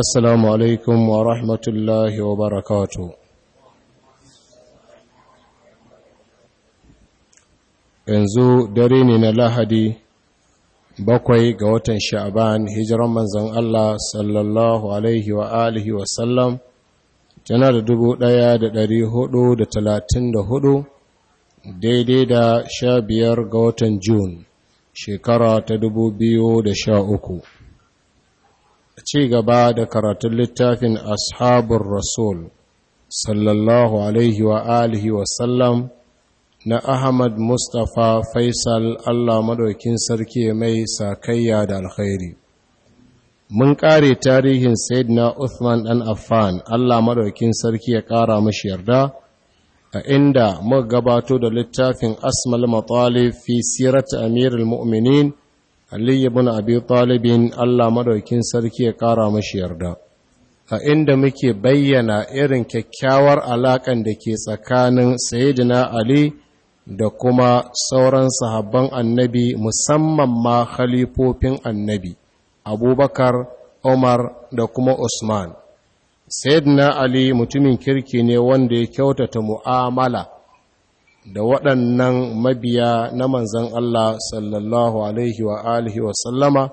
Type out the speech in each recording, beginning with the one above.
Assalamu alaikum wa rahmatullahi wa barakatu. Yanzu dare ne na Lahadi bakwai ga watan Sha'aban hijiran manzon Allah sallallahu alaihi wa alihi wa sallam tana da dubu ɗaya da ɗari hudu da talatin da hudu daidai da sha biyar ga watan Jun shekara ta dubu biyu da sha uku. ci gaba da karatun littafin ashabun rasul sallallahu alaihi wa alihi wasallam na ahmad mustapha faisal allah maɗaukin sarki mai sakayya da alkhairi mun ƙare tarihin na uthman ɗan affan allah maɗaukin sarki ya ƙara mashi yarda a inda muka gabato da littafin asmal matalif fi sirat amirul mu'minin Aliyu ibn Abi Talibin Allah madaukin sarki ya ƙara mashi yarda a inda muke bayyana irin kyakkyawar alaƙan da ke tsakanin Sayyidina Ali da kuma sauran sahabban annabi musamman ma khalifofin annabi abubakar umar da kuma usman sayyidina ali mutumin kirki ne wanda ya kyautata mu'amala da waɗannan mabiya na manzan Allah sallallahu alaihi wa alihi wa sallama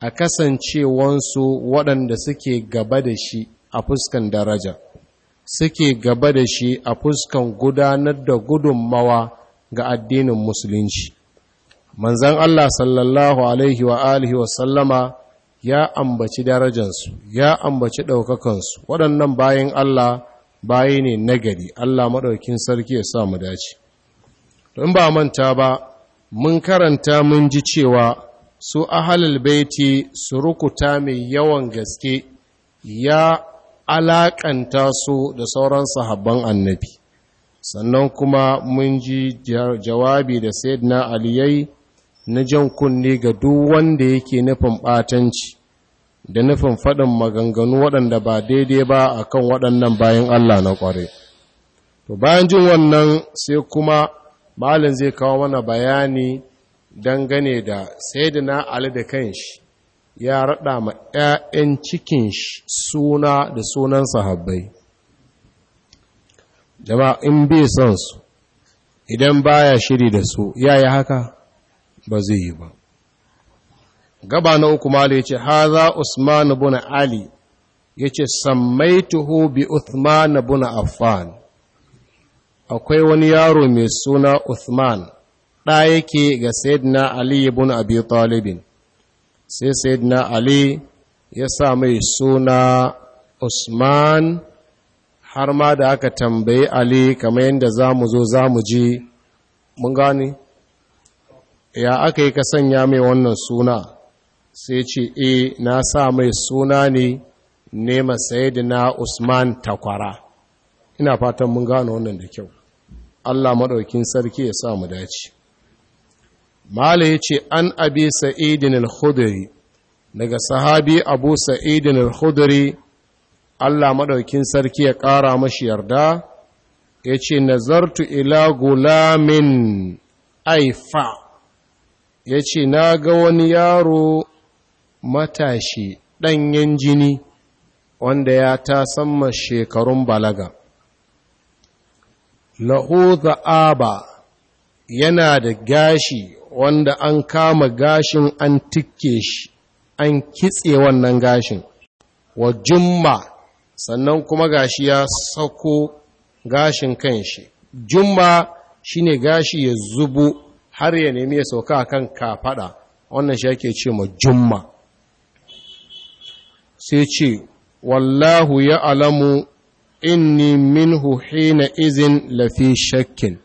a kasancewansu waɗanda suke gaba da shi a fuskan daraja suke gaba da shi a fuskan gudanar da gudunmawa ga addinin musulunci manzan Allah sallallahu alaihi wa alihi wa sallama ya ambaci darajansu ya ambaci ɗaukakansu waɗannan bayan Allah bayi ne nagari Allah maɗaukin sarki ya sa mu dace don ba manta ba mun karanta mun ji cewa su ahalul baiti su rukuta mai yawan gaske ya alakanta su da sauran sahabban annabi sannan kuma mun ji jawabi da sayyidina aliyai na jan kunne ga duk wanda yake nufin batanci da nufin faɗin maganganu waɗanda ba daidai ba a kan waɗannan bayan Allah na ƙware. To bayan jin wannan sai kuma malin zai kawo mana bayani dangane da sai da na Ali da kan shi ya raɗa ma ‘ya'yan cikin suna da sunan sahabbai. Jama'a in bai son su, idan ya shiri da su, ya yi haka ba zai yi ba. gaba na uku ma ya ce haza usman bin ali ya ce sammaituhu bi uthman bin affan akwai wani yaro mai suna uthman ɗa yake ga sayyidina ali ibn abi talibin sai sayyidina ali ya sa mai suna usman har ma da aka tambayi ali kamar yadda za mu zo za mu ji mun gani ya aka yi ka sanya mai wannan suna sai ce e na sa mai suna ne nema na usman takwara ina fatan mun gano wannan da kyau allah maɗaukin sarki ya sa mu dace mala ya ce an abi sa'idin al-khudri daga sahabi abu sa'idin al-khudri allah maɗaukin sarki ya ƙara mashi yarda ya ce nazartu ila gulamin aifa ya ce na ga wani yaro matashi ɗanyen jini wanda ya ta samma shekarun balaga lahu aba yana da gashi wanda an kama gashin an tikke shi an kitse wannan gashin wa jumma sannan kuma gashi ya sako gashin kan shi jumma ne gashi ya zubu har ya nemi ya sauka kan kafaɗa, wannan shi ake ce ma jumma sai ce wallahu ya alamu inni minhu hina izin lafi shakkin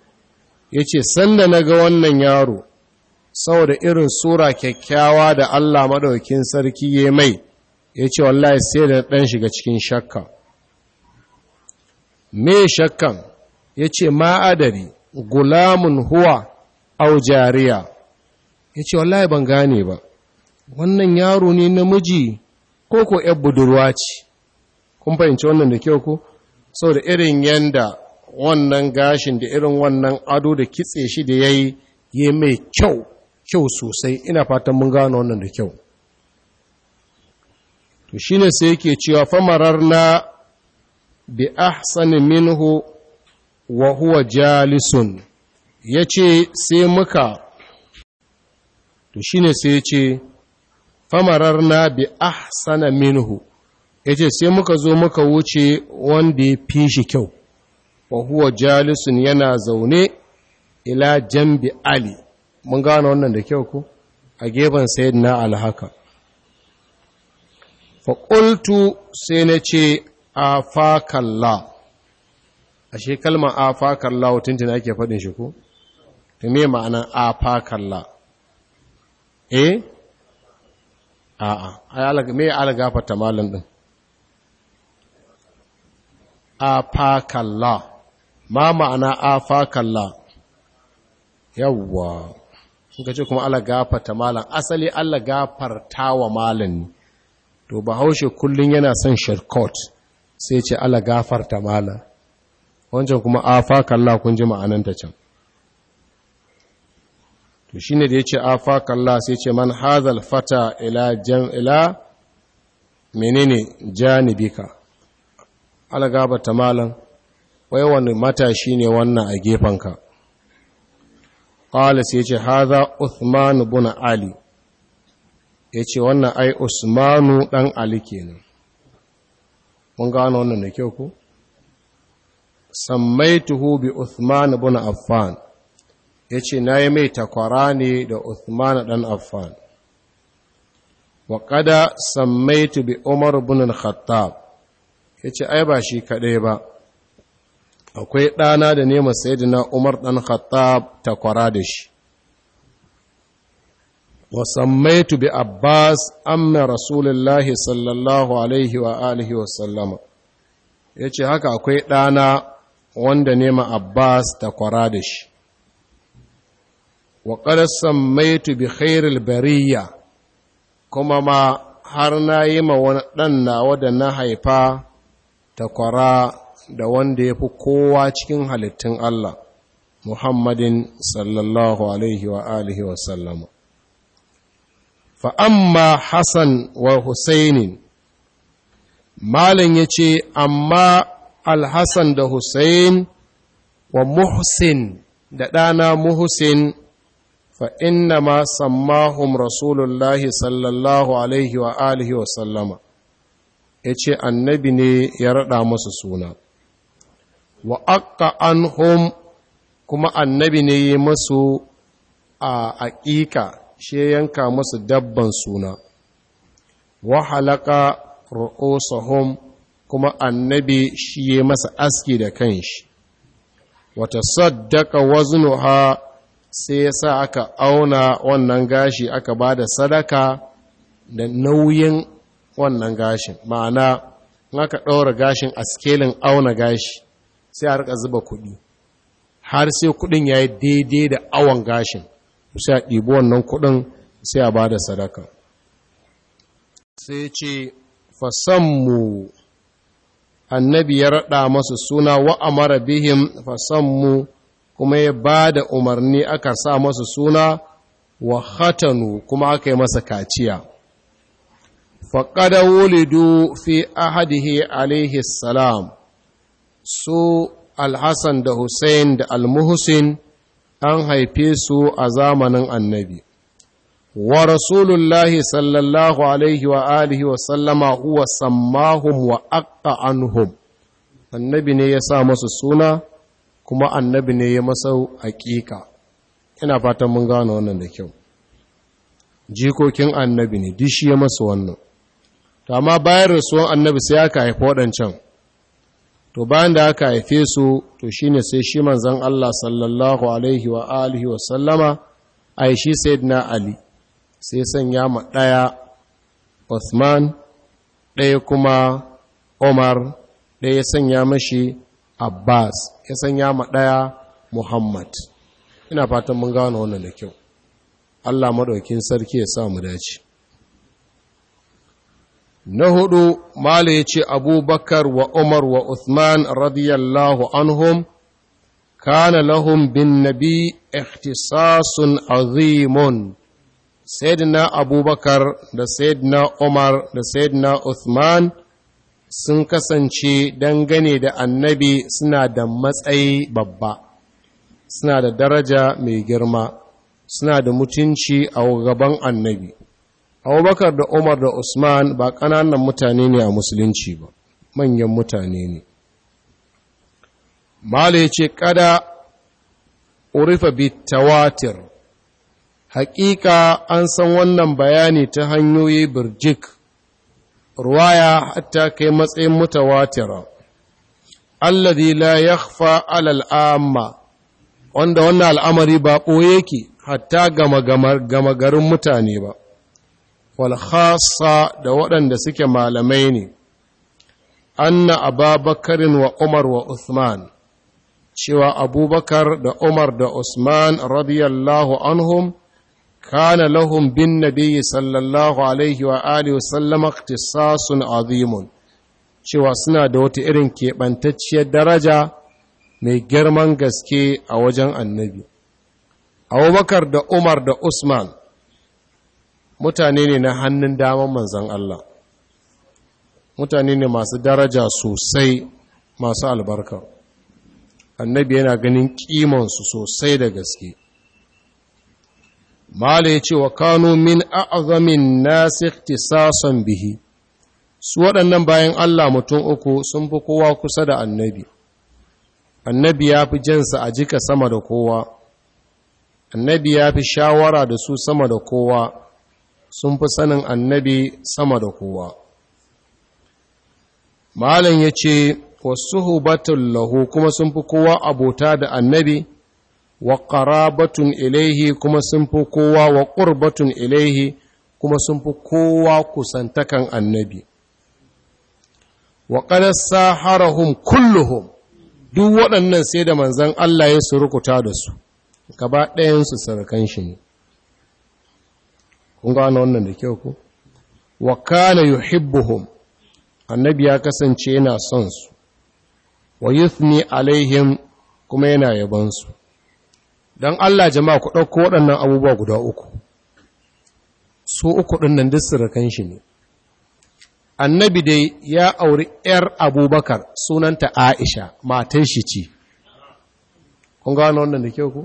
ya ce sanda na ga wannan yaro saboda irin sura kyakkyawa da Allah maɗaukin sarki ya mai ya ce wallahi sai da ɗan shiga cikin shakka me shakkan ya ce ma'adari gulamun huwa au jariya ya ce wallahi ban gane ba wannan yaro ne namiji ko ko ‘yar budurwa ce, kun fahimci wannan da kyau ku? Sau da irin yanda wannan gashin da irin wannan ado da kitse shi da ya yi ya mai kyau, kyau sosai, ina fatan mun gano wannan da kyau. To shi ne sai yake cewa famarar na bi ahsani minhu wa huwa jalisun, ya ce sai muka, to shi ne sai ce, famararna bi ahsana minhu yace sai muka zo muka wuce wanda ya fi shi kyau wa huwa jalisun yana zaune ila jambi ali mun gano wannan da kyau ko a gefen sayyidina alhaka faƙultu sai na ce a fakalla ashe kalma a fakalla na ake faɗin shi ko ta me ma'anan fakalla eh a'a me algafata malam din afakalla ma ma'ana afakalla yawwa sun ce kuma Allah gafarta malam asali Allah gafarta wa malam to bahaushe kullun yana son shirkot sai ce Allah gafarta malam wancan kuma afakalla kun ji ma'ananta can to ne da yace afaqallah sai ce man hazal fata ila jan ila menene janibika algaba ta malam wai wani matashi ne wannan a gefanka qala sai ce haza Usmanu buna ali Ya ce wannan ai usmanu dan ali kenan mun gano wannan da kyau ko sammaituhu bi Usmanu buna affan ya ce na yi mai takwara ne da Uthman ɗan Affan. Wa ƙada sammaitu bi Umar bin Khattab, ya ce, ai ba shi kaɗai ba, akwai ɗana da nema na Umar ɗan Khattab takwara da shi. Wa sammaitu bi Abbas amma Rasulullahi sallallahu alaihi wa alihi wa sallama, ya ce haka akwai ɗana wanda nema Abbas takwara da shi. wa qad maitu bi khairil bariya kuma ma har na yi ma wani ɗan nawa da na haifa takwara da wanda ya fi kowa cikin halittun Allah Muhammadin sallallahu alaihi wa alihi wa sallama amma Hassan wa Husainin Malam ya ce, Amma Al-Hassan da Hussein wa Muhsin da ɗana Muhsin fa inna ma sammahum rasulullahi sallallahu alaihi wa alihi wa sallama ya ce annabi ne ya raɗa masu suna wa akka kuma annabi ne yi masu a aƙiƙa shi yanka masu dabban suna Wahalaƙa halaka ru'usahum kuma annabi shi yi masa aski da kanshi wata saddaka waznuha sai ya sa aka auna wannan gashi aka ba da sadaka da nauyin wannan gashin ma'ana in aka ɗaura gashin a skelin auna gashi sai a rika zuba kuɗi har sai kuɗin ya yi daidai da awon gashin sai a ɗibo wannan kuɗin sai a ba da sadaka sai ce fasammu annabi ya raɗa masu suna wa'amara bihim mu. kuma ya ba da umarni aka sa masa suna wa hatanu kuma aka yi masa kaciya faƙada wulidu fi ahadihi alaihi salam su alhassan da hussein da almuhusin an haife su a zamanin annabi wa rasulullahi sallallahu alaihi wa alihi wa sallama huwa sammahun wa aqqa annabi ne ya sa masu suna kuma annabi ne ya masau hakika ina fatan mun gano wannan da kyau jikokin annabi ne duk shi ya masa wannan to amma bayan rasuwan annabi sai aka haifi waɗancan to bayan da aka haife su to shine sai shi manzon Allah sallallahu alaihi wa alihi wa sallama Aisha shi sayyidina Ali sai sanya ma ɗaya Uthman ɗaya kuma Umar ɗaya sanya mashi Abbas ya sanya ma ɗaya Muhammad ina fatan mun gano wannan da kyau Allah maɗaukin sarki ya sa mu dace na hudu mala ya ce abubakar wa umar wa uthman radiyallahu anhum kana lahum bin nabi ikhtisasun azimun sayyidina abubakar da sayyidina umar da sayyidina uthman sun kasance dangane da annabi suna da matsayi babba suna da daraja mai girma suna da mutunci a gaban annabi abubakar da umar da usman ba ƙananan mutane ne a musulunci ba manyan mutane ne mala ya ce kada urifa bitawatir haƙiƙa an san wannan bayani ta hanyoyi birjik ruwaya hatta kai matsayin mutawatira alladhi la yakhfa alal amma wanda wannan al'amari ba ɓoye yake hatta gama garin mutane ba wal da waɗanda suke malamai ne anna ababakarin wa umar wa Usman. cewa abubakar da umar da usman radiyallahu anhum kana lahum bin nabiyyi sallallahu alaihi wa alihi wasallam ikhtisasun azimun cewa suna da wata irin keɓantacciyar daraja mai girman gaske a wajen annabi abubakar da umar da usman mutane ne na hannun daman manzan Allah mutane ne masu daraja sosai masu albarka annabi yana ganin kimansu sosai da gaske mala ya ce wa kano min a'azamin nasi tisasan bihi su waɗannan bayan Allah mutum uku sun fi kowa kusa da annabi annabi ya fi jansa a jika sama da kowa annabi ya fi shawara da su sama da kowa sun fi sanin annabi sama da kowa malam ya ce wasu hubatun lahu kuma sun fi kowa abota da annabi wa qarabatun ilaihi kuma sun fi kowa wa qurbatun ilaihi kuma sun fi kowa kusantakan annabi wa qad saharahum kulluhum duk waɗannan sai da manzon Allah ya surukuta da su gaba ɗayan su sarkan shi ne kun gano wannan da kyau ko wa kana yuhibbuhum annabi ya kasance yana son su wa yuthni alaihim kuma yana yabansu don Allah jama'a ku ɗauko waɗannan abubuwa guda uku su uku ɗin nan duk sirrikan shi ne annabi dai ya auri 'yar abubakar sunanta aisha matan shi ce kun gano wannan da kyau ku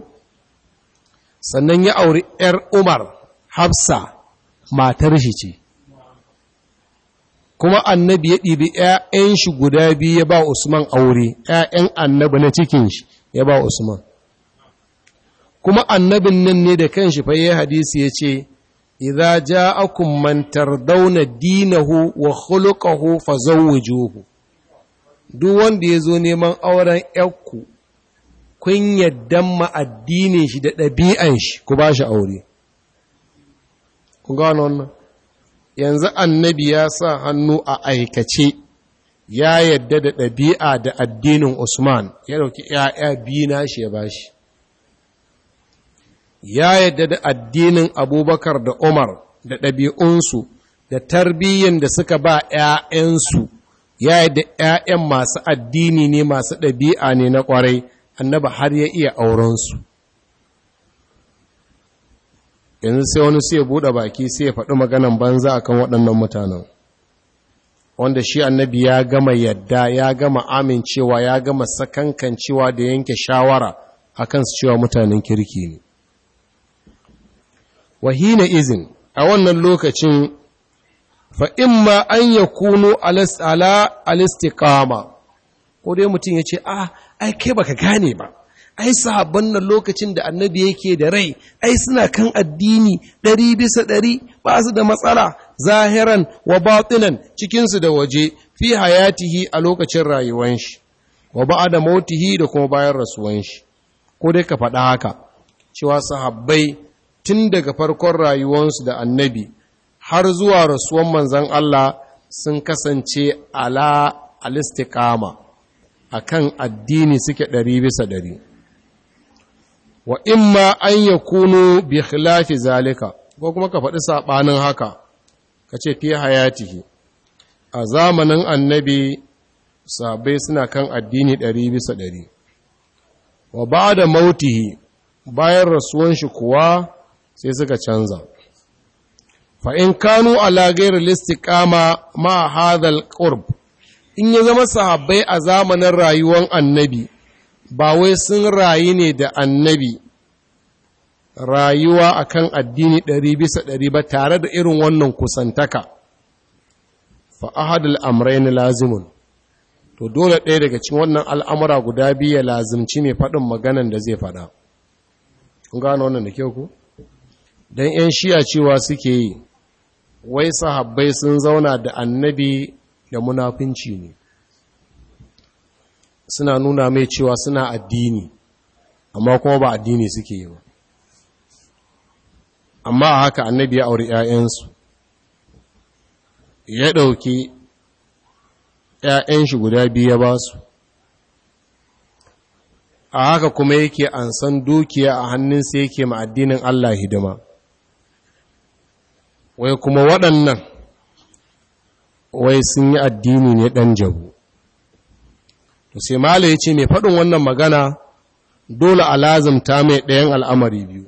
sannan ya auri 'yar umar hafsa matar shi ce kuma annabi ya ɗibi 'ya'yan shi guda biyu ya ba usman aure 'ya'yan annabi na cikin shi ya ba usman kuma annabin nan ne da kanshi fa yayi hadisi yace idza ja'akum man tardawna dinahu wa khuluquhu fazawwijuhu duk wanda yazo neman auren yakku kun yaddan ma addinin shi da ɗabi'an shi ku ba shi aure ku ga wannan yanzu annabi ya sa hannu a aikace ya yadda da ɗabi'a da addinin Usman ya ɗauki ‘ya'ya biyu na shi ya bashi. ya yadda da addinin abubakar da umar da ɗabi'unsu da tarbiyyar da suka ba ‘ya'yansu ya yadda ‘ya'yan masu addini ne masu ɗabi'a ne na ƙwarai annaba har ya iya aurensu yanzu sai wani sai ya buɗe baki sai ya faɗi maganan banza akan waɗannan mutanen wanda shi annabi ya gama yadda ya gama amincewa ya gama sakankancewa da yanke shawara akan su cewa mutanen kirki ne wahina izin a wannan lokacin fa imma an ya kuno ala alistikama ko dai mutum ya ce a ah, ai kai baka gane ba ai sahabban nan lokacin da annabi yake da rai ai suna kan addini ɗari bisa ɗari ba su da matsala zahiran wa batinan cikinsu da waje fi hayatihi a lokacin rayuwan shi wa ba da mautihi da kuma bayan rasuwan shi ko dai ka faɗa haka cewa sahabbai tun daga farkon rayuwarsu da annabi har zuwa rasuwan manzan Allah sun kasance ala alistikama a kan addini suke ɗari bisa ɗari wa imma an ya kuno bi khilafi zalika ko kuma ka faɗi saɓanin haka ka ce fi hayatihi a zamanin annabi sabai suna kan addini ɗari bisa ɗari wa ba da mautihi bayan rasuwan shi kuwa sai suka canza fa in kanu ala ghairi listiqama ma hadal qurb in ya zama sahabbai a zamanin rayuwar annabi ba wai sun rayu ne da annabi rayuwa akan addini ɗari bisa ɗari ba tare da irin wannan kusantaka fa ahadul amrayn lazimun to dole ɗaya daga cikin wannan al'amura guda biyu ya lazimci mai faɗin maganan da zai faɗa kun gano wannan da kyau ku don 'yan shiya cewa suke yi wai sahabbai sun zauna da annabi da munafinci ne suna nuna mai cewa suna addini amma kuma ba addini suke yi ba amma haka annabi ya auri 'ya'yansu ya ɗauki yayanshi guda biyu ya ba su a haka kuma yake ansan dukiya a hannun hannunsa yake ma addinin Allah hidima wai kuma waɗannan wai sun yi addini ne ɗan jabu to sai mala ya ce mai faɗin wannan magana dole a lazimta mai ɗayan al'amari biyu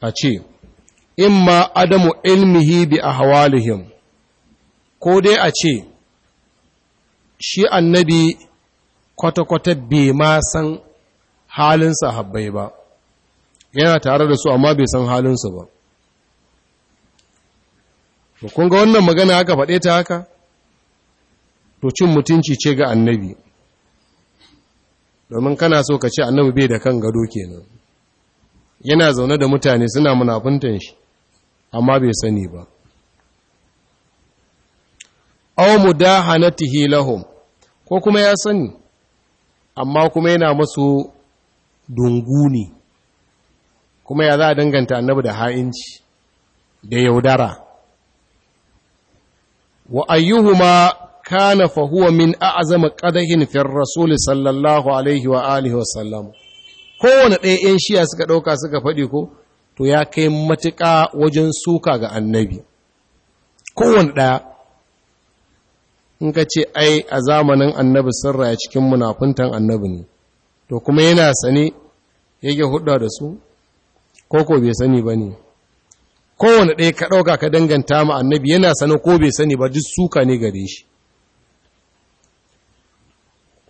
a ce in ma adamu ilmihi bi hawalihim ko dai a ce shi annabi kwata-kwata bai ma san halin sahabbai ba yana tare da su amma bai san halinsu ba ba kun ga wannan magana aka faɗe ta haka to cin mutunci ce ga annabi domin kana so ka ce annabi bai da kan gado kenan yana zaune da mutane suna munafuntan shi amma bai sani ba aw mudahanatihi lahum ko kuma ya sani amma kuma yana masu dunguni kuma ya za a danganta annabi da ha'inci da yaudara wa ayyuhuma kana fa huwa min a'zama qadahin fi rasul sallallahu alaihi wa alihi wa sallam kowane ɗaya yan shiya suka ɗauka suka faɗi ko to ya kai matuƙa wajen suka ga annabi kowane ɗaya in ka ce ai a zamanin annabi sun raya cikin munafuntan annabi ne to kuma yana sane yake hudda da su ko ko bai sani ba ne kowane ɗaya ka ɗauka ka danganta ma annabi yana sanin ko bai sani ba duk suka ne gare shi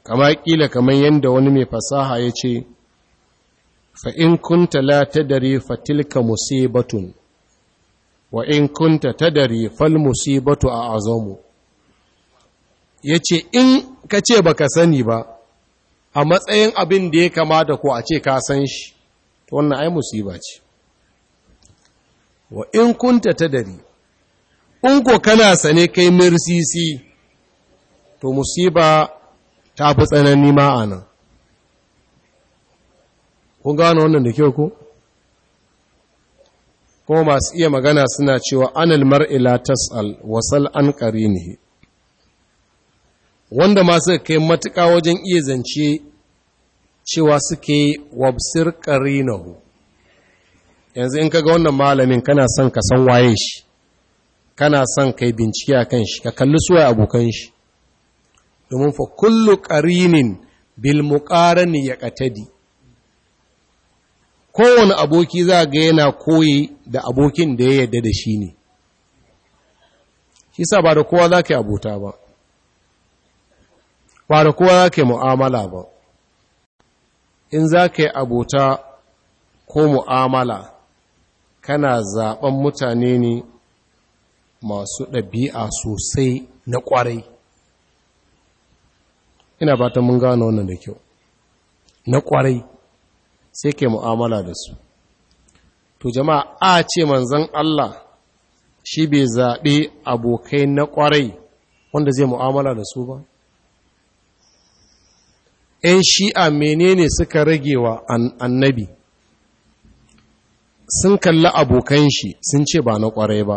kama kila kamar yadda wani mai fasaha ya ce fa'in kunta la dare fatilka musibatun wa in kunta dare fal musibatu a azomu ya ce in ka ce ba ka sani ba a matsayin abin da ya kamata ko a ce ka san shi wannan ai musiba ce wa in kunta ta dari in ko kana sane kai mirsisi to musiba ta fi tsanani ma a nan kun gano wannan da kyau ko kuma masu iya magana suna cewa anil mar'ila tas'al wasal an qarinihi wanda ma suka kai matuƙa wajen iya zance cewa suke wabsir qarinahu yanzu in kaga wannan malamin kana son ka san waye shi kana son kai bincike a kan shi ka kalli suwaye abokan shi domin fa kullu qarinin bil muqarani yaqtadi kowane aboki za ga yana koyi da abokin da ya yadda da shi ne shi sa ba da kowa za ka yi abota ba ba da kowa za ka yi mu'amala ba in za ka yi abota ko mu'amala kana zaben mutane ne masu ɗabi'a sosai na ƙwarai ina ta mun gano wannan da kyau na ƙwarai sai ke mu'amala da su to jama'a a ce manzan Allah shi bai zaɓe abokai na ƙwarai wanda zai mu'amala da su ba ‘yan shi'a menene suka rage wa annabi sun kalli abokan shi sun ce ba na ƙwarai ba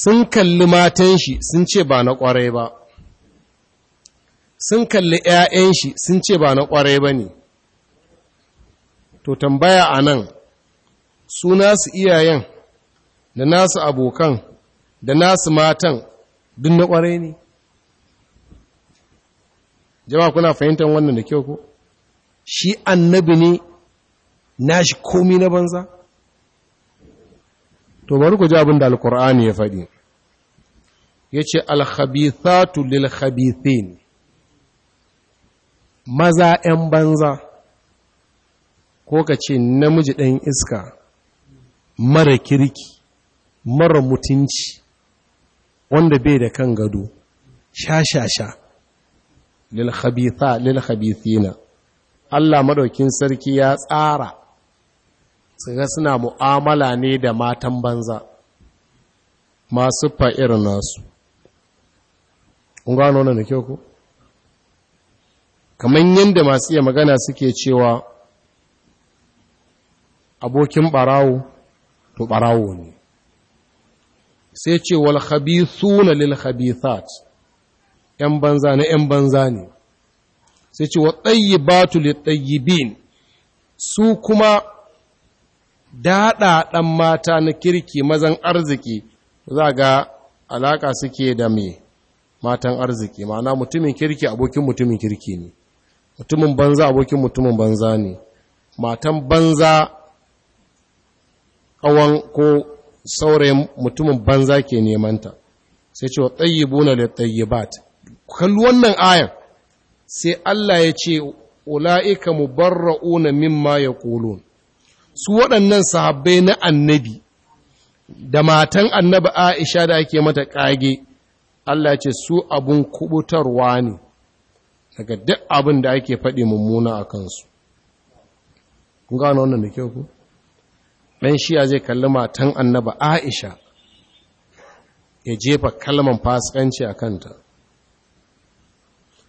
sun kalli matan shi sun ce ba na ƙwarai ba sun kalli 'ya'yan shi sun ce ba na kwarai ba ne to tambaya a nan su nasu iyayen da nasu abokan da nasu matan duk na ƙwarai ne jama kuna fahimtar wannan da kyau ko shi annabi ne nashi komi na banza to bari ku ji abin da alkur'ani ya faɗi ya ce alhabithatu lilhabithin maza 'yan banza ko ka ce namiji ɗan iska mara kirki mara mutunci wanda bai da kan gado sha-sha-sha lilhabithina Allah madaukin sarki ya tsara su ga suna mu'amala ne da matan banza masu fa'ir nasu kun gano na ku kamar yadda masu iya magana suke cewa abokin ɓarawo, to ɓarawo ne sai ce wal na lil khabithat yan banza na yan banza ne sai ce wa tayyibatu lit tayyibin su kuma daɗa ɗan mata na kirki mazan arziki za ga alaƙa suke da mai matan arziki ma'ana mutumin kirki abokin mutumin kirki ne mutumin banza abokin mutumin banza ne matan banza ƙawan ko saurayin mutumin banza ke nemanta sai ce wa buna da tsayibat kalli wannan ayan sai Allah ya ce ula'ika mu barra'una mimma ya ƙulun su waɗannan sahabbai na annabi da matan annabi aisha da ake mata ƙage Allah ce su abun kubutarwa ne daga duk abin da ake faɗi mummuna a kansu kun gano wannan da kyau ku ɗan shiya zai kalli matan annaba aisha ya jefa kalman fasikanci a kanta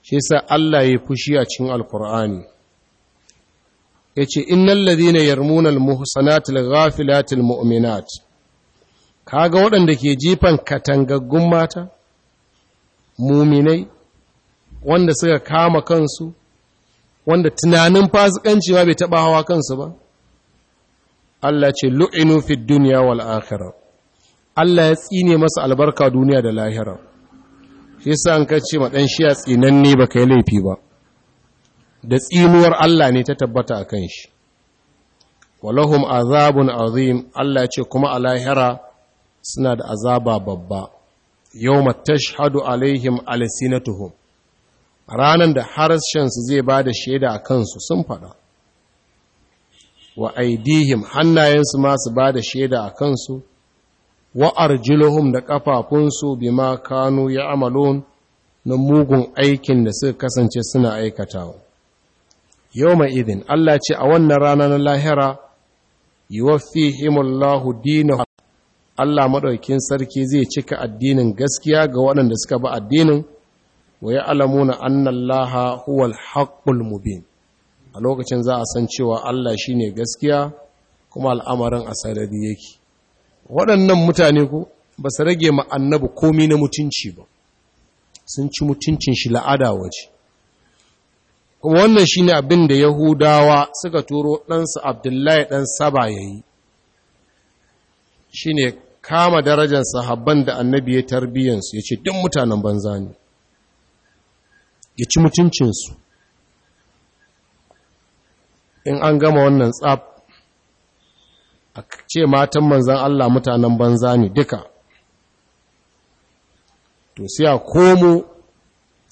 shi sa Allah ya fushi a cikin alkur'ani ya ce innan ladina yarmunan muhsanatil ghafilatil mu'minat kaga waɗanda ke jifan katangaggun mata muminai wanda suka kama kansu wanda tunanin fasikanci ma bai taɓa hawa kansu ba Allah ce lu'inu fid duniya wal akhirah Allah ya tsine masa albarka duniya da lahira shi yasa an kace ma dan shi ya tsinanne baka yi laifi ba da tsinuwar Allah ne ta tabbata a kan shi walahum azabun azim Allah ce kuma a suna da azaba babba Yau matash hadu alaihim alsinatuhum Ranar da harshensu zai ba da shaida a kansu sun faɗa wa aidihim hannayensu ma su ba da shaida a kansu wa arjuluhum da ƙafafunsu bima kanu ya amalon na mugun aikin da suka kasance suna aikatawa yau mai idin Allah ce a wannan rana na lahira yi wafi himullahu dina Allah maɗaukin sarki zai cika addinin gaskiya ga waɗanda suka ba addinin wa ya alamuna annallaha huwal haƙul mubin a lokacin za a san cewa Allah shi ne gaskiya kuma al'amarin a sarari yake waɗannan mutane ku ba su rage ma komi na mutunci ba sun ci mutuncin shi la'ada waje kuma wannan shi ne abin da yahudawa suka turo ɗansu abdullahi ɗan saba ya yi shi ne kama darajar sahabban da annabi ya tarbiyyansu ya ce ɗin mutanen banza ne ya ci mutuncinsu in an gama wannan tsab a ce matan manzan Allah mutanen banza ne duka to siya komo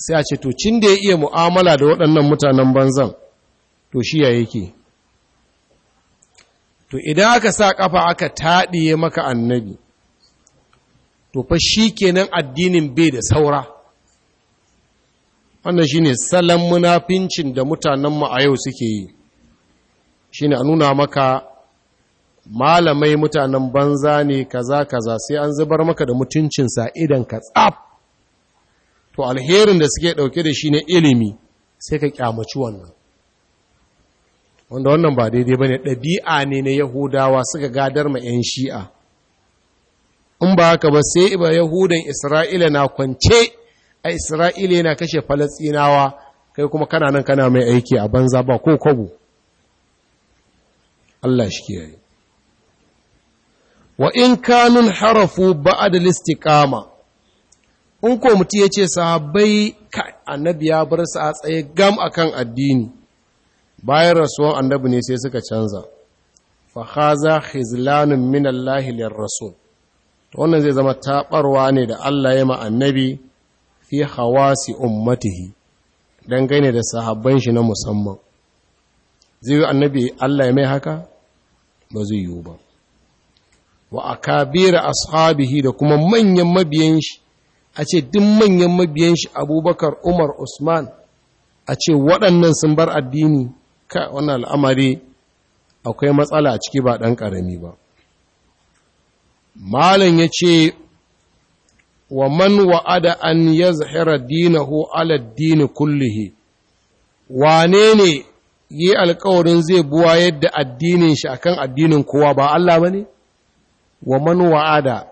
sai a ce to cin da ya iya mu'amala da waɗannan mutanen banzan to shi ya yake to idan aka sa ƙafa aka taɗiye maka annabi to fa shi kenan addinin bai da saura wannan shi ne salon munafincin da mutanenmu a yau suke yi shi ne a nuna maka malamai mutanen banza ne kaza kaza sai an zubar maka da mutuncinsa idan ka tsaf to alherin da suke ɗauke da shi ne ilimi sai ka kyamaci wannan wanda wannan ba daidai ba ne ɗabi'a ne na yahudawa suka gadar ma 'yan shi'a in ba haka ba sai ba yahudan isra'ila na kwance a isra'ila yana kashe falastinawa kai kuma kana nan kana mai aiki a banza ba ko kwabo Allah shi kiyaye wa in kanun harafu ba'ad listi kama. in ko mutum ya ce sahabbai annabi ya bar su a tsaye gam a kan addini bayan rasuwan annabi ne sai suka canza fa haza khizlanun min Allah lir rasul wannan zai zama taɓarwa ne da Allah ya ma annabi fi hawasi ummatihi dangane da sahabban shi na musamman zai yi annabi Allah ya mai haka ba zai yi ba wa akabira ashabihi da kuma manyan mabiyan shi a ce duk manyan mabiyan shi abubakar umar usman a ce waɗannan sun bar addini ka wannan al'amari akwai matsala a ciki ba ɗan ƙarami ba malin ya ce wa man wa'ada an ya zahira dinahu ala dini kullihi wane ne yi alkawarin zai buwa yadda addinin shi akan addinin kowa ba Allah ba ne? wa man wa'ada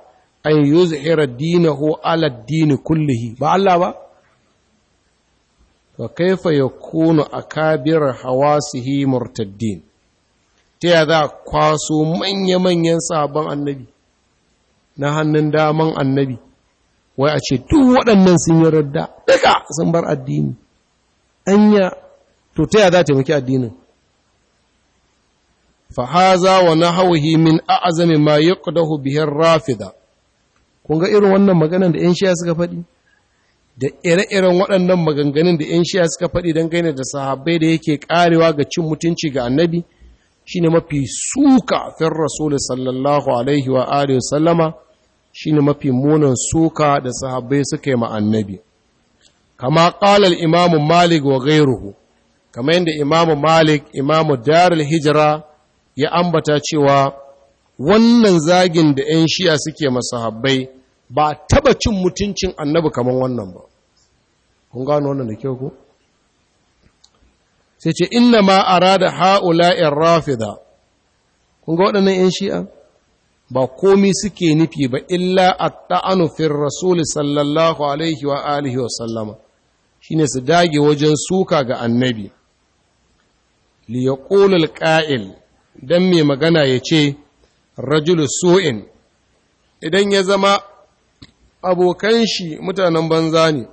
an yuzhira dinahu ala dini kullihi ba Allah ba wa kaifa yakunu akabir hawasihi murtaddin ta ya za kwaso manya-manyan sabon annabi na hannun daman annabi wai a ce duk waɗannan sun yi radda duka sun bar addini anya to ta ya za taimaki addinin Fa haza wa na hauhi min a'azami ma yi ƙudahu bihin rafida kun ga irin wannan maganan da 'yan shiya suka faɗi da ire-iren waɗannan maganganun da 'yan shiya suka faɗi don gaina da sahabbai da yake karewa ga cin mutunci ga annabi shi ne mafi suka fin rasulun sallallahu alaihi wa ariyar sallama shi ne mafi munin suka da sahabbai suka yi ma annabi kama ƙalar imamu malik wa gairuhu kama yadda imamu malik imamu darul hijira ya ambata cewa wannan zagin da 'yan shiya suke masahabbai ba taba cin mutuncin annabi kamar wannan ba kun gano wannan da kyau ku sai ce inna ma arada ha'ula'in rafida kun ga waɗannan 'yan shi'a ba komi suke nufi ba illa a ta'anu fin sallallahu alaihi wa alihi wa sallama shi su dage wajen suka ga annabi liyaƙulul ƙa'il don mai magana ya ce rajulu su'in idan ya zama abokan shi mutanen banza ne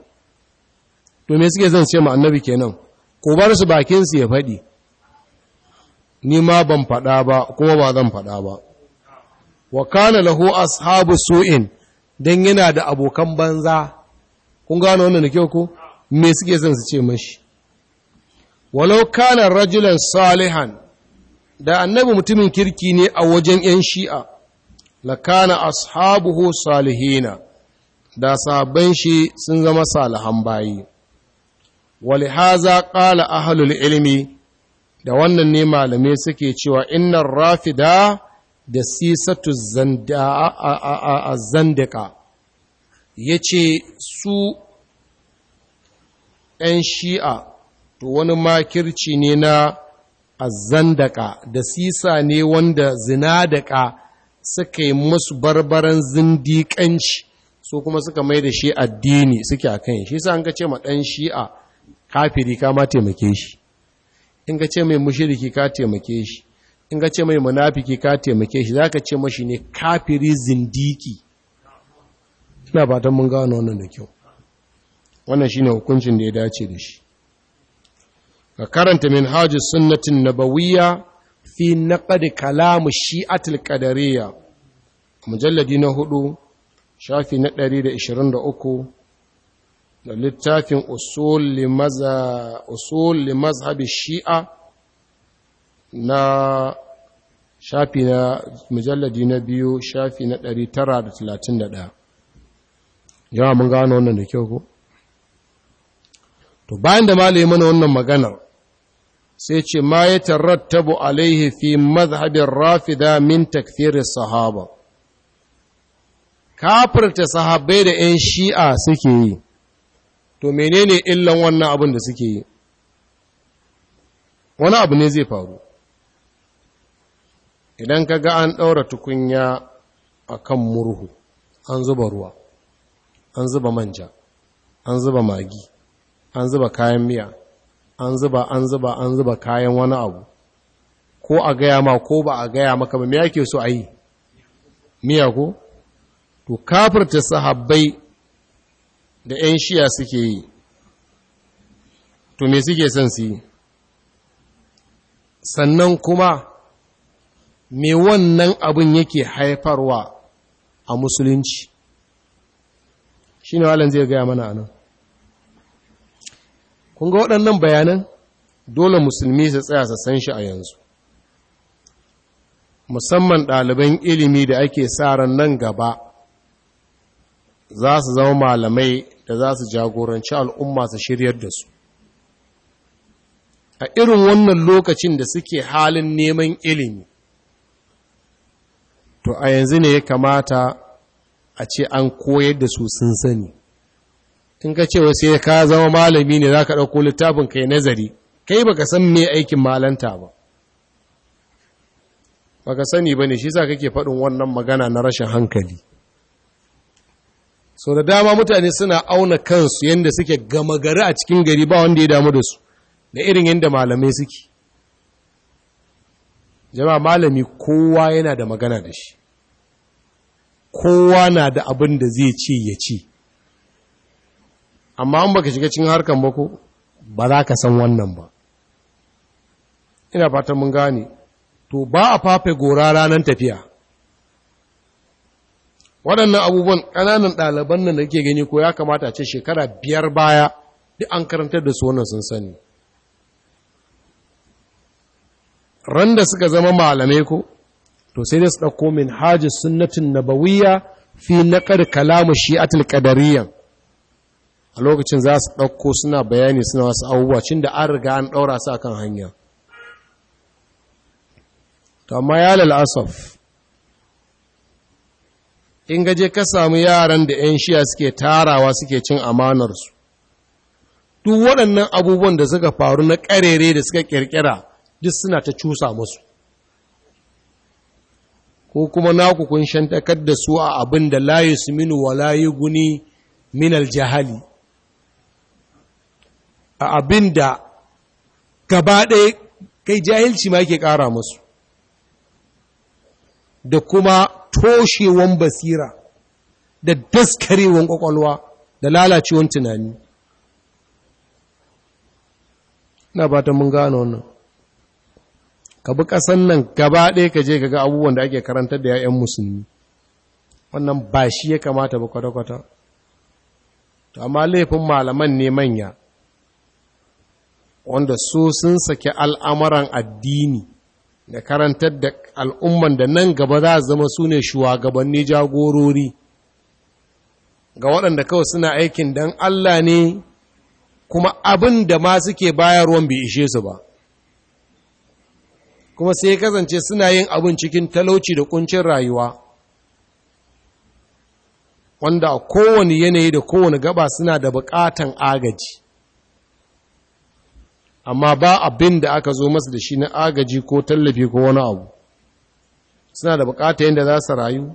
to me suke zan ce ma annabi kenan ko bar su bakin su ya faɗi ni ma ban fada ba kuma ba zan faɗa ba wa kana lahu ashabu su'in dan yana da abokan banza kun gano wannan kyau ko me suke son su ce mashi walau kana rajulan salihan da annabi mutumin kirki ne a wajen yan shi'a la kana ashabuhu salihina da sabon shi sun zama salihan bayi haza ƙala ahlul ilimi? da wannan ne malamai suke cewa innan rafida da sisatu zandika ya ce su ‘yan shi'a to wani makirci ne na azandaka da sisa ne wanda zinadaka suka yi musu barbaran zindikanci. su kuma suka mai da shi addini suke a kan shi sa'an an ka ce ma ɗan shi'a kafiri kama taimake shi in ka ce mai mushiriki ka taimake shi in ka ce mai munafiki ka taimake shi za ka ce mashi ne kafiri zindiki ina fatan mun gano wannan da kyau wannan shi ne hukuncin da ya dace da shi ka karanta min hajji sunnatin nabawiyya fi kalamu shi shi'atul qadariyya mujalladi na hudu shafi na 123 da littafin usul li mazhabi shi'a na shafi na mujalladi na biyu shafi na 931 yawa mun gano wannan da kyau ko to bayan da malaye mana wannan maganar sai ce ma ya tarattabu alaihi fi mazhabin rafida min takfirin sahaba kafirta sahabbai da 'yan shi'a suke yi to menene illan wannan abin da suke yi wani abu ne zai faru idan ka ga an ɗaura tukunya a kan murhu an zuba ruwa an zuba manja an zuba magi an zuba kayan miya an zuba an zuba an zuba kayan wani abu ko a gaya ma ko ba a gaya maka ba me ake so a yi miya ko to kafirta sahabbai da 'yan shiya suke yi to me suke son su yi sannan kuma me wannan abin yake haifarwa a musulunci shi ne walin zai gaya mana nan kun ga waɗannan bayanan dole musulmi su tsaya su san shi a yanzu musamman ɗaliban ilimi da ake sa ran nan gaba za su zama malamai da za su jagoranci al'umma su shiryar da su a irin wannan lokacin da suke halin neman ilimi to a yanzu ne ya kamata a ce an koyar da su sun sani in ka ce wasu ka zama malami ne za ka ɗauko littafin kai nazari kai ba ka san me aikin malanta ba Ba ka sani ba ne shi sa kake faɗin wannan magana na rashin hankali so da dama mutane suna auna kansu yadda suke gama gari a cikin gari ba wanda ya damu da su da irin yadda malamai suke jama'a malami kowa yana da magana da shi kowa na da abin da zai ce ya ce amma an baka shiga cikin harkan bako ba za ka san wannan ba ina fatan mun gane to ba a fafe gora ranar tafiya waɗannan abubuwan ƙananan ɗaliban nan da ke gani ko ya kamata ce shekara biyar baya duk an karantar da su wannan sun sani Randa suka zama malamai ko to sai da su ɗauko min hajji sunnatin nabawiyya fi naƙar kalamu a tilkadariyan a lokacin za su ɗauko suna bayani suna wasu abubuwa cin da an riga an ɗaura su kan hanya to amma ya lalasaf in gaje ka samu yaran da 'yan shiya suke tarawa suke cin amanarsu duk waɗannan abubuwan da suka faru na ƙarere da suka ƙirƙira duk suna ta cusa musu ko kuma naku kun shantakar da su a abin da layi su minu wa layi guni minal jahali a abin da gaba ɗaya kai jahilci ma ke ƙara musu da kuma toshewan basira da daskarewan ƙwaƙwalwa da lalacewan tunani na ba ta mun gano wannan ka bi ƙasan nan gaba ɗaya ka je ga abubuwan da ake karantar da 'ya'yan musulmi wannan ba shi ya kamata ba kwata-kwata to amma laifin malaman ne manya wanda so sun saki al'amuran addini da karantar da al'umman da nan gaba za zama su ne shugabanni jagorori ga waɗanda kawai suna aikin don Allah ne kuma abin da ma suke bayarwan bai ishe su ba kuma sai ya kasance suna yin abin cikin talauci da kuncin rayuwa wanda a kowane yanayi da kowane gaba suna da bukatan agaji amma ba abin da aka zo masu da shi na agaji ko tallafi ko wani abu suna da bukata yadda za su rayu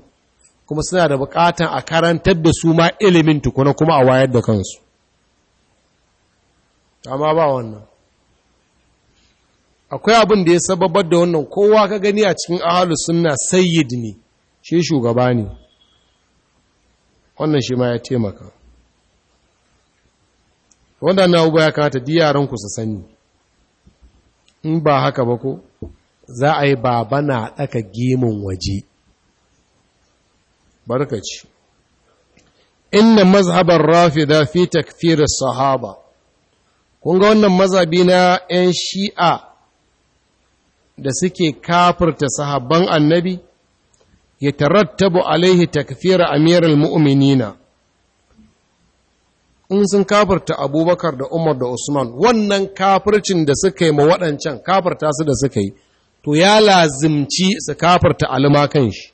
kuma suna da bukata a karantar da su ma ilimin tukuna kuma a wayar da kansu amma ba wannan akwai abin da ya sababar da wannan kowa ka gani a cikin ahalu suna sayyid ne shi shugaba ne wannan shi ma ya taimaka wanda na uba ya kamata diyaranku su sani in ba haka ba ko za a yi baba na ɗaka gemun waje barkaci inna mazhabar rafida fi takfirar sahaba kun ga wannan mazhabi na 'yan shi'a da suke kafirta sahabban annabi ya tarattabu alaihi takfirar amiral mu'uminina. in sun kafarta abubakar da umar da usman wannan kafircin da suka yi ma waɗancan kafirta su da suka yi to ya lazimci su kafirta alima kan shi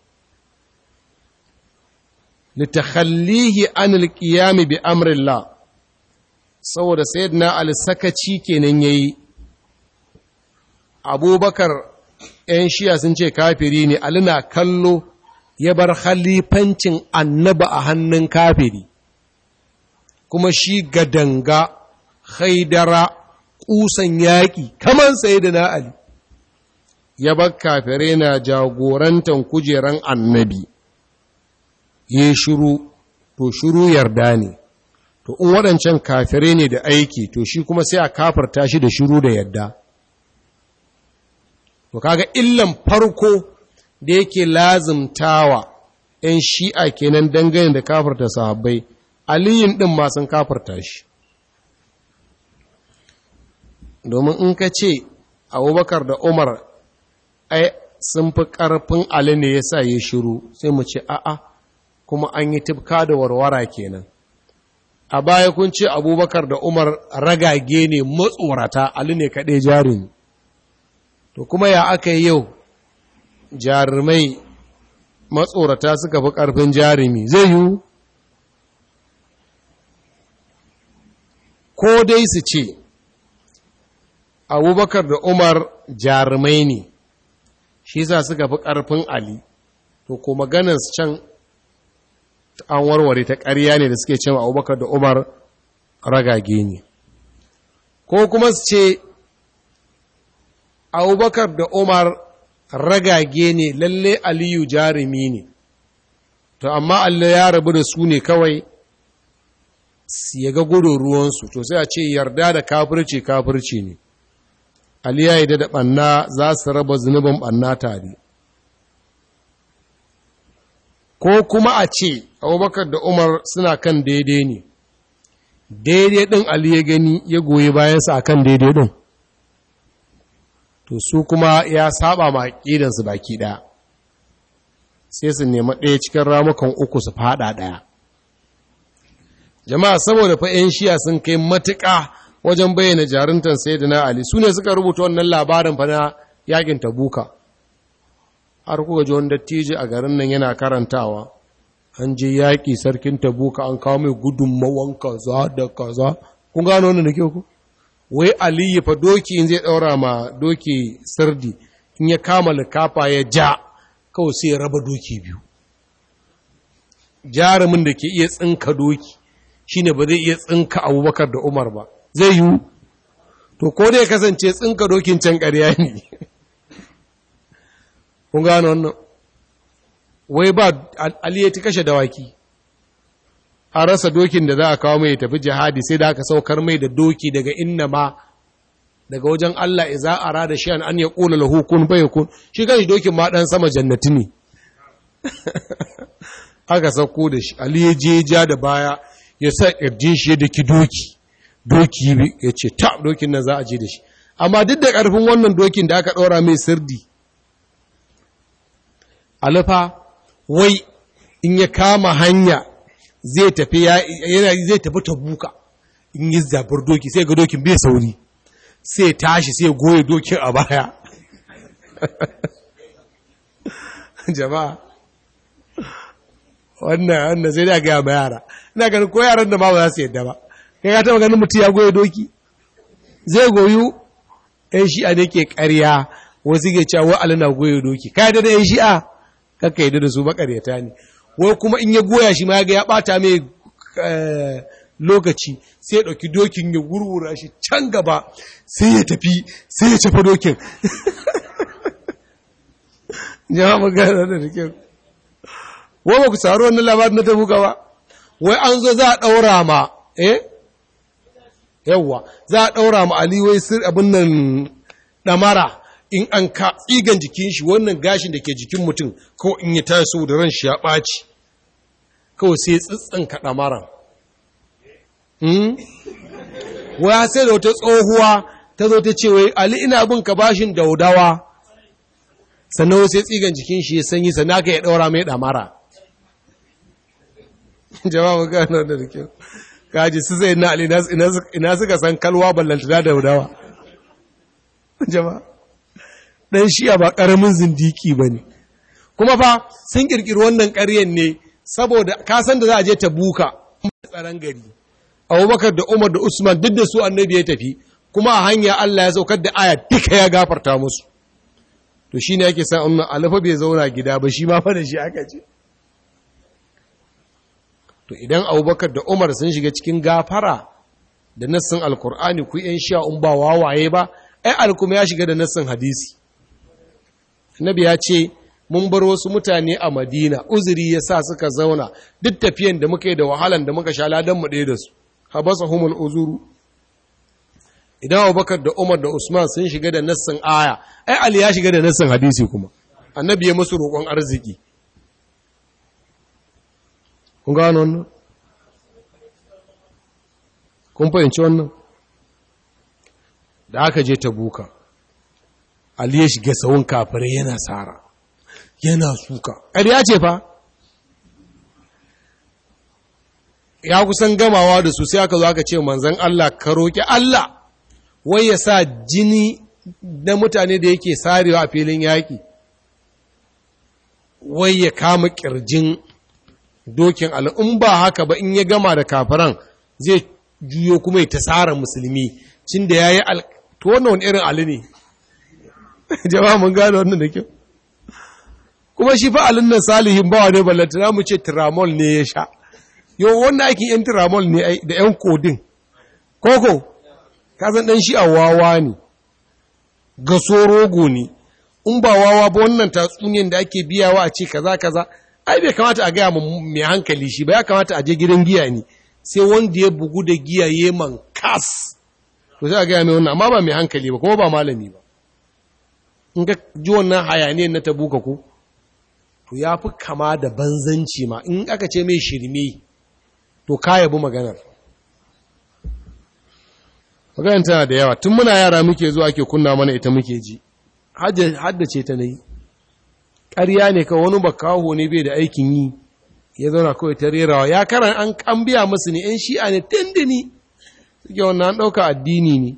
litakhallihi anil qiyami bi amrillah saboda sayyidina al-sakaci kenan yayi abubakar ‘yan shiya sun ce kafiri ne, Ali na kallo ya bar khalifancin annaba a hannun kafiri. kuma shi gadanga haidara kusan yaƙi kaman sai da na ya bar kafirai na jagorantar kujeran annabi ya shiru to shiru yarda ne to in waɗancan kafirai ne da aiki to shi kuma sai a kafarta shi da shiru da yarda to kaga illan farko da yake lazimtawa ‘yan shi'a kenan dangane da kafarta sahabbai aliyin ɗin ma sun kafarta shi domin in ka ce abubakar da umar ai sun fi ƙarfin ali ne ya sa ya shiru sai mu ce a'a kuma an yi tibka da warwara kenan a baya kun ce abubakar da umar ragage ne matsorata ali ne kaɗai jarin to kuma ya aka yi yau jarumai matsorata suka fi ƙarfin jarumi zai yiwu ko dai su ce abubakar da umar jarumai ne shi sa suka fi ƙarfin ali to ko su can an warware ta ƙarya ne da suke cewa abubakar da umar ragage ne ko kuma su ce abubakar da umar ragage ne lalle aliyu jarumi ne to amma allah ya rabu da su ne kawai ya ga gudun ruwansu to sai a ce yarda da kafirci kafirci ne ali ya yi da ɓanna za su raba zunubin ɓanna tare ko kuma a ce abubakar da umar suna kan daidai ne daidai ɗin ali ya gani ya goyi bayansa a kan daidai ɗin to su kuma ya saba ma ƙidansu baki ɗaya sai su nema ɗaya cikin ramukan uku su faɗa ɗaya jama'a saboda fa yan shiya sun kai matuƙa wajen bayyana jaruntan sayyidina ali su ne suka rubuta wannan labarin fa na yakin tabuka har kuka ji wani dattijo a garin nan yana karantawa an je yaƙi sarkin tabuka an kawo mai gudunmawan kaza da kaza kun gano wannan nake ku wai aliyu fa doki in zai ɗaura ma doki sardi in ya kama likafa ya ja kawai sai ya raba doki biyu jarumin da ke iya tsinka doki Shi ne ba zai iya tsinka abubakar da umar ba zai yiwu to ko dai kasance tsinka dokin can karya ne kun gano wannan wai ba ali ya kashe dawaki a rasa dokin da za a kawo mai tafi jihadi sai da aka saukar mai da doki daga inna ma daga wajen Allah iza a da shi an ya kula lahu kun bai kun shi kan shi dokin ma dan sama jannati ne aka sauko da shi ali ya ja da baya ya sa ƙirjin shi ya daki doki doki ya ce ta dokin nan za a je da shi amma duk da ƙarfin wannan dokin da aka ɗora mai sirdi alifa wai in ya kama hanya zai tafi zai tafi ta buka in yi zabar doki sai ga dokin bai sauri sai tashi sai goye dokin a baya jama'a wannan wannan sai da gaya yara ganin ko yaran da ma ba za su yadda ba kai ka taba ganin mutum ya goya doki zai goyu ɗan shi'a ne ke karya, wasu ke cewa wa na goya doki ka yadda da ɗan shi'a kakka yadda da su makaryata ne wai kuma in ya goya shi ma ya bata mai eh, lokaci sai ya ɗauki dokin ya wurwura shi can gaba sai ya tafi sai ya cafa dokin jama'a magana da Wa ba ku saurari wannan labarin na buga ba wai an zo za a ɗaura ma eh yawwa za a ɗaura ma ali wai sir abin nan ɗamara in an ka tsigan jikin shi wannan gashin da ke jikin mutum ko in yi taso da ran shi ya ɓaci kawai sai tsitsin ka ɗamara. Hmm? waya sai da wata tsohuwa ta zo ta ce wai ali ina bin ka bashin daudawa sannan sai tsigan jikin shi ya sanyi sannan aka ya ɗaura mai ɗamara jama'a ga nan da kyau kaji su zai na ali ina suka san kalwa ballantana da dawa jama'a dan shiya ba karamin zindiki ba ne. kuma fa sun kirkiri wannan ƙaryen ne saboda ka san da za a je ta buka tsaron gari abubakar da umar da usman duk da su annabi ya tafi kuma a hanya allah ya saukar da aya duka ya gafarta musu to shine yake san amma bai zauna gida ba shi ma fa da shi aka ce to idan abubakar da umar sun shiga cikin gafara da nassin alkur'ani ku yan sha in ba wawaye ba ai alkuma ya shiga da nassin hadisi annabi ya ce mun bar wasu mutane a madina uzuri ya sa suka zauna duk tafiyan da muka yi da wahalan da muka sha ladan mu ɗaya da su habasa humul uzuru idan abubakar da umar da usman sun shiga da nassin aya ai ali ya shiga da nassin hadisi kuma annabi ya musu roƙon arziki kun gano wannan kun fahimci wannan da aka je ta buka ali ya shiga sawun kafirai yana sara yana suka ƙarya ce fa ya kusan gamawa da su sai aka zo aka ce manzan Allah ka roƙi Allah wai ya sa jini na mutane da yake sarewa a filin yaƙi wai ya kama ƙirjin dokin Allah in ba haka ba in ya gama da kafiran zai juyo kuma ya tasara musulmi cin da ya yi to wannan wani irin ali ne jama mun gano wannan da kyau kuma shi fa alun nan salihin bawa ne ballanta za mu ce tiramol ne ya sha yau wannan aikin yan tiramol ne da yan kodin koko kasan ɗan shi a wawa ne ga rogo ne in ba wawa ba wannan tatsuniyar da ake biyawa a ce kaza kaza ai bai kamata a gaya mai hankali shi ba ya kamata a je gidan giya ne sai wanda ya bugu da giya ya man kas to sai a gaya mai wannan amma ba mai hankali ba kuma ba malami ba in ka ji wannan hayaniyar na ta tabuka ko to ya fi kama da banzanci ma in aka ce mai shirme to ka yabi maganar maganar tana da yawa tun muna yara muke zuwa ake kunna mana ita muke ji haddace ta na yi ƙarya ne ka wani bakaho ne bai da aikin yi ya zauna kawai ta rerawa ya karan an ƙambiya musu ne yan shi'a ne tindini suke wannan an ɗauka addini ne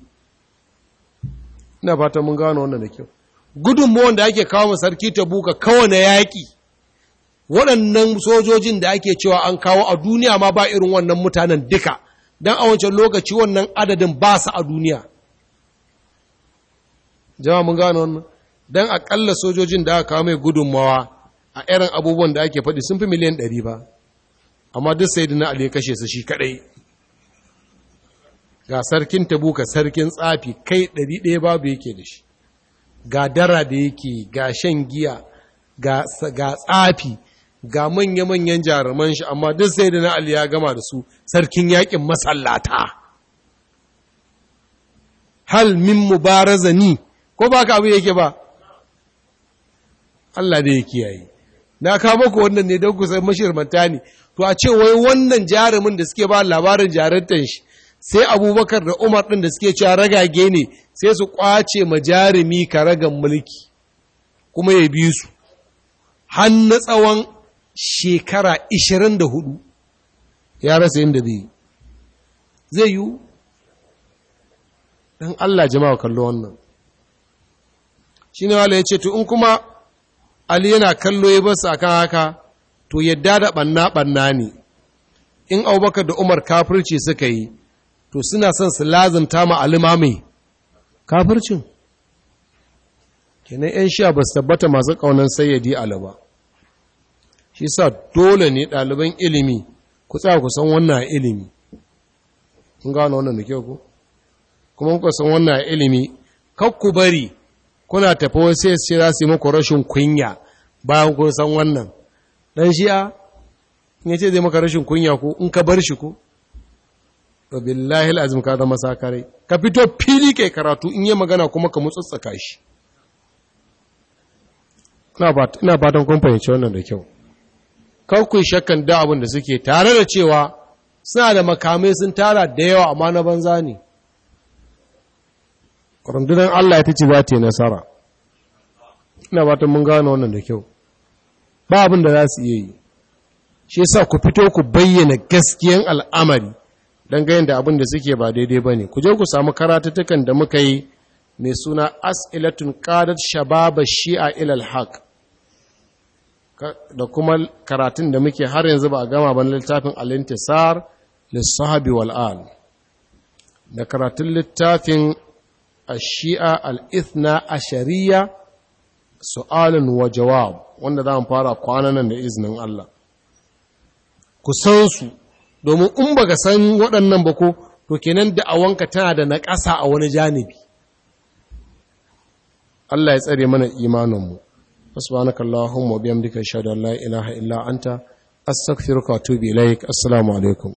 ina fata mun gano wannan da kyau gudunmuwan da ake kawo sarki ta buka kawane yaƙi waɗannan sojojin da ake cewa an kawo a duniya ma ba irin wannan mutanen duka don a wancan lokaci wannan adadin ba su a duniya jama mun gano wannan don akalla sojojin da aka kawo mai gudunmawa a irin abubuwan da ake faɗi sun fi miliyan ɗari ba amma duk sai dina ali kashe su shi kaɗai ga sarkin tabuka sarkin tsafi kai ɗari ɗaya babu yake da shi ga dara da yake ga shan giya ga tsafi ga manya-manyan jaruman shi amma duk sai da na Ali ya gama da su sarkin yaƙin masallata hal min ni ko ba ka abu yake ba Allah ne ya kiyaye na kawo ku wannan ne don kusan mashirmanta ne to a ce wai wannan jarumin da suke ba labarin jarantar shi sai abubakar da umar ɗin da suke cewa ragage ne sai su kwace ma jarumi ka karagan mulki kuma ya bi su har na tsawon shekara 24 ya rasa inda zai zai yi don Allah jama'a kallo wannan shi ne wala ya ce to in kuma ali yana kallo ya basu akan haka to yadda da ɓanna-ɓanna ne in abubakar da umar kafirci suka yi to suna son su lazimta ma alimami. mai kafircin kenan 'yan sha ba su tabbata masu ƙaunar sayyadi alaba shi sa dole ne ɗaliban ilimi ku tsaya ku san wannan ilimi kun gano wannan da kyau ku kuma kuka san wannan ilimi kakku bari kuna tafi wasu sai za su yi muku rashin kunya bayan kun san wannan dan a ya ce zai maka rashin kunya ko in ka bar shi ko to billahi alazim ka zama sakarai. ka fito fili kai karatu in yi magana kuma ka mutsutsaka shi ina fatan kun fahimci wannan da kyau kun shakkan da abin da suke tare da cewa suna da makamai sun tara da yawa amma na banza ne rundunar Allah ita ce za ta yi nasara ina ba ta mun gane wannan da kyau ba abin da za su iya yi shi sa ku fito ku bayyana gaskiyan al'amari don gayin da abin da suke ba daidai ba ne ku je ku samu karatattakan da muka yi mai suna as'ilatun kadar shababa shi'a ilal haq da kuma karatun da muke har yanzu ba a gama ba na littafin alintisar lissahabi wal'al da karatun littafin a shariya, su'alin wa jawab wanda za mu fara kwananan da izinin Allah ku san su domin in baka san waɗannan ba ko to kenan da awanka tana da naƙasa a wani janibi Allah ya tsare mana imaninmu subhanaka allahumma wa bihamdika ashhadu an la ilaha illa anta astaghfiruka wa atubu ilaik assalamu alaikum